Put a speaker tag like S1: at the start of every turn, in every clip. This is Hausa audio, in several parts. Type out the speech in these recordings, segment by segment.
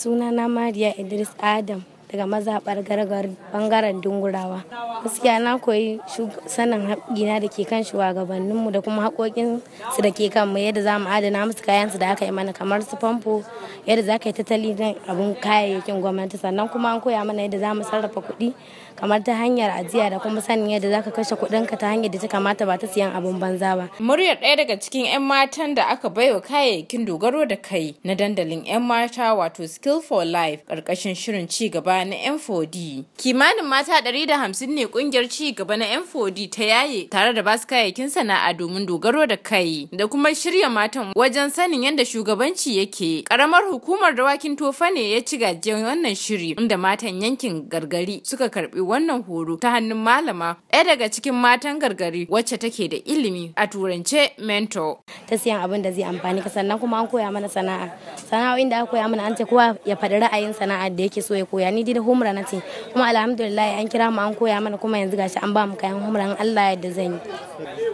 S1: Sunana Mariya Idris Adam. daga mazaɓar gargar bangaren dungurawa gaskiya na koyi sanin gina da ke kan shugabanninmu da kuma haƙoƙinsu da ke kanmu yadda za mu adana musu kayansu da aka yi mana kamar su famfo yadda za ka yi tattali na abin kayayyakin gwamnati sannan kuma an koya mana yadda za mu sarrafa kuɗi kamar ta hanyar ajiya da kuma sanin yadda za ka kashe kuɗinka ta hanyar da ta kamata ba ta siyan abin banza ba.
S2: muryar ɗaya daga cikin 'yan matan da aka baiwa kayayyakin dogaro da kai na dandalin 'yan mata wato skill for life ƙarƙashin shirin ci gaba na M4D. Kimanin mata 150 ne kungiyar ci gaba na M4D ta yaye tare da basu kayayyakin sana'a domin dogaro da kai da kuma shirya matan wajen sanin yadda shugabanci yake. Karamar hukumar dawakin tofa ne ya ci gajiyar wannan shiri inda matan yankin gargari suka karbi wannan horo ta hannun
S1: malama ɗaya daga cikin matan gargari wacce take da ilimi a turance mentor. Ta siyan abin da zai amfani ka sannan kuma an koya mana sana'a. Sana'o'in da aka koya mana an ce kowa ya faɗi ra'ayin sana'ar da yake so ya koya ni tsarki da humra na ce kuma alhamdulillah an kira mu an koya mana kuma yanzu gashi an ba mu kayan humra in Allah yadda zan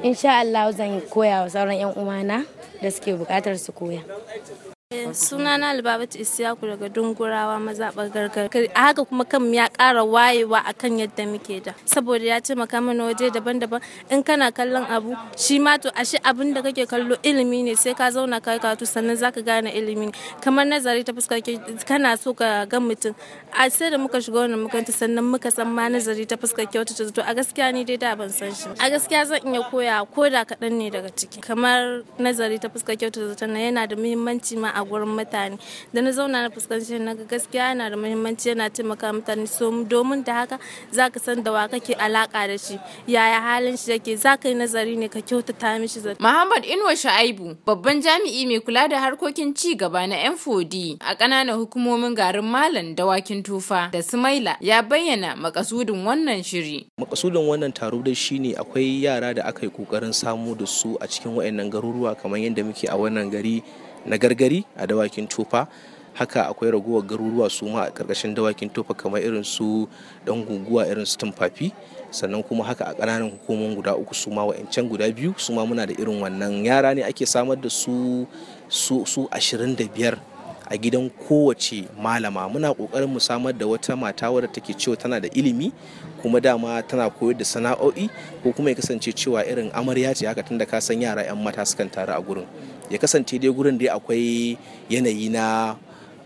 S1: yi insha Allah zan koya wa sauran yan uwana da suke bukatar su koya
S3: Eh, sunana Libabatu ku daga Dungurawa mazaɓar gargara. A haka kuma kan ya ƙara wayewa akan yadda muke da. Saboda ya taimaka mana waje daban-daban in kana kallon abu shi ma to ashe abin da kake kallo ilimi ne sai ka zauna kai karatu sannan zaka gane ilimi ne. Kamar nazari ta fuskar kana so ka ga mutum. A sai da muka shiga wannan makaranta sannan muka san ma nazari ta fuskar ta zato. a gaskiya ni dai da ban san shi. A gaskiya zan iya koya ko da kaɗan ne daga ciki. Kamar nazari ta fuskar zato, yana da muhimmanci ma a gurin mutane da na zauna na fuskanci na gaskiya yana da muhimmanci yana taimaka mutane so domin da haka za ka san da wa kake alaka da shi yaya halin shi yake za ka yi nazari ne ka kyautata mishi zato. Muhammad Inuwa
S2: Sha'aibu babban jami'i mai kula da harkokin ci gaba na m 4 a ƙananan hukumomin garin Malam Dawakin Tufa da Sumaila ya bayyana makasudin wannan shiri.
S4: Makasudin wannan taro dai shine akwai yara da aka yi kokarin samu da su a cikin wayannan garuruwa kamar yadda muke a wannan gari na gargari a dawakin tofa haka akwai ragowar garuruwa su ma a ƙarƙashin dawakin tofa kamar irin su ɗan guguwa irin su tumfafi sannan kuma haka a ƙananan hukumomin guda uku su ma wa'ancan guda biyu su ma muna da irin wannan yara ne ake samar da su su ashirin a gidan kowace malama muna kokarin mu samar da wata mata wadda take cewa tana da ilimi kuma dama tana koyar da sana'o'i ko kuma ya kasance cewa irin amarya ce haka tunda ka san yara 'yan mata sukan taru a gurin ya kasance dai gurin dai akwai yanayi na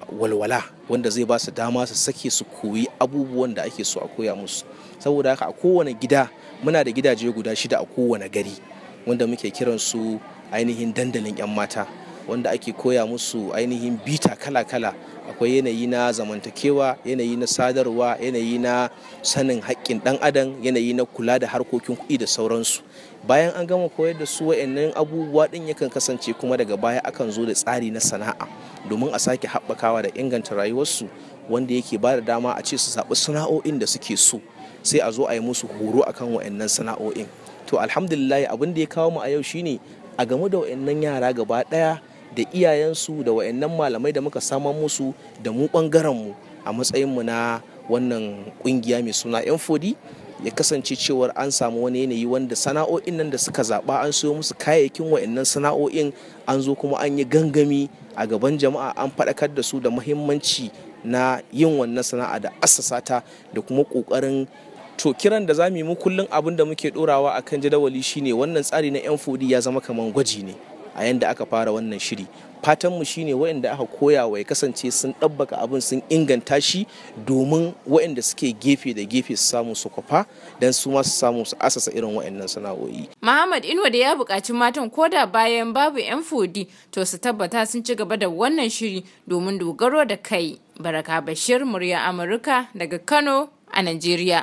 S4: walwala wanda zai ba su dama su sake su koyi abubuwan da ake so a koya musu saboda haka a kowane gida muna da gidaje guda shida a kowane gari wanda muke kiran su ainihin dandalin 'yan mata wanda ake koya musu ainihin bita kala-kala akwai yanayi na zamantakewa yanayi na sadarwa yanayi na sanin haƙƙin ɗan adam yanayi na kula da harkokin kuɗi da sauransu bayan an gama koyar da su wa'annan abubuwa ɗin yakan kasance kuma daga baya akan zo da tsari na sana'a domin a sake haɓakawa da inganta rayuwarsu wanda yake ba da dama a ce su zaɓi sana'o'in da suke so sai a zo a yi musu horo akan wa'annan sana'o'in to alhamdulillah abin da ya kawo mu a yau shine a game da wa'annan yara gaba ɗaya da iyayensu da wa'annan malamai da muka saman musu da mu mu a matsayin mu na wannan ƙungiya mai suna yan fodi ya kasance cewar an samu wani yanayi wanda sana'o'in nan da suka zaɓa an siyo musu kayayyakin wa'annan sana'o'in an zo kuma an yi gangami a gaban jama'a an faɗakar da su da muhimmanci na yin wannan sana'a da assasa ta da kuma ƙoƙarin to kiran da za mu yi mu kullum abin da muke ɗorawa kan jadawali shine wannan tsari na yan fodi ya zama kamar gwaji ne a yanda aka fara wannan shiri fatanmu shine waɗanda aka koya wa ya kasance sun ɗabbaka abin sun inganta shi domin waɗanda suke gefe da gefe su samu su kwafa don su ma su samu su asasa irin waɗannan sana'o'i.
S2: Muhammad Inuwa da ya buƙaci matan koda bayan babu 'yan fodi to su tabbata sun ci gaba da wannan shiri domin dogaro da kai. Baraka Bashir, murya Amurka daga Kano a Najeriya.